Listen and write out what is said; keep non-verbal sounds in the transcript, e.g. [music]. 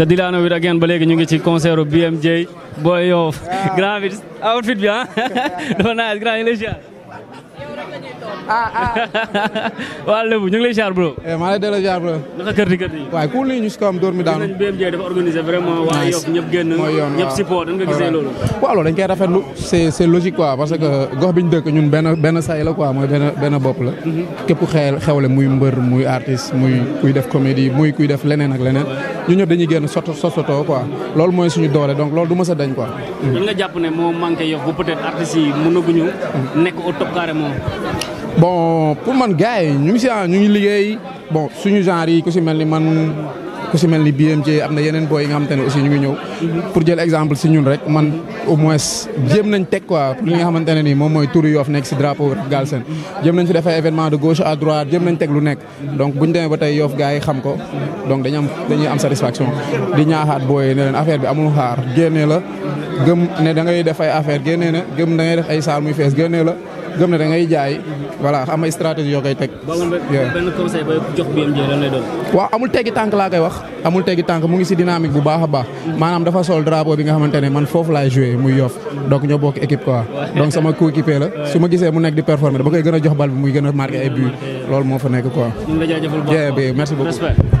da Dilano Wit genn ba léegi ñu ngi ci concert BMJ Boy Yoff ah. grand bi outfit bi ah dafa [laughs] nice grand ñu ngi lay ziar ah ah [laughs] waa Lébu ñu ngi eh, waaye ku li ñu si kawam mi daanu BMJ dafa organisé vraiment waa Yoff ñëpp génn ñëpp support dañ nga gisee loolu waaw loolu dañ koy rafetlu c'est c'est logique quoi parce que gox bi ñu dëkk ñun benn benn say la quoi mooy benn bopp la mhm. képp ku xewle muy mbër muy artiste muy kuy def comédie muy kuy def leneen ak leneen ñu ñëpp dañuy génn soto sosotoo quoi loolu mooy suñu doole donc loolu du mës a dañ quoi. lan nga jàpp ne moo manqué yow bu peut-être artistes yi mënaguñu nekk au top carrément. bon pour man gars yi ñu ngi si ah, ñu ngi liggéey bon suñu genre yi ku si mel ni man. ku si mel ni BMJ am na yeneen booy yi nga xam te ne aussi ñu ngi ñëw. pour jël exemple si ñun rek man au nañ teg quoi li nga xamante ne nii moom mooy turu Yoff nekk si drapeau Galsen. jéem nañ fi def ay événement de gauche à droite jéem teg lu nekk. donc bu ñu demee ba tey Yoff gars yi xam ko donc dañuy am dañuy am satisfaction di ñaaxaat booy ne leen affaire bi amul xaar génnee la gëm ne da ngay def ay affaire génne na gëm da ngay def ay saal muy fees génne la. gëm ne da ngay jaay. voilà am ay stratégie yoo koy teg. benn conseil ba jox amul teggi tànk laa koy wax amul teggi tànk mu ngi si dynamique bu baax a baax. maanaam dafa sol drapeau bi nga xamante ne man foofu laay joué muy yof donc ñoo bokk équipe quoi. donc sama coéquipier la su ma gisee mu nekk di performer dama koy gën a jox bal bi muy gën a marqué ay loolu moo fa nekk quoi. ñu ngi la merci beaucoup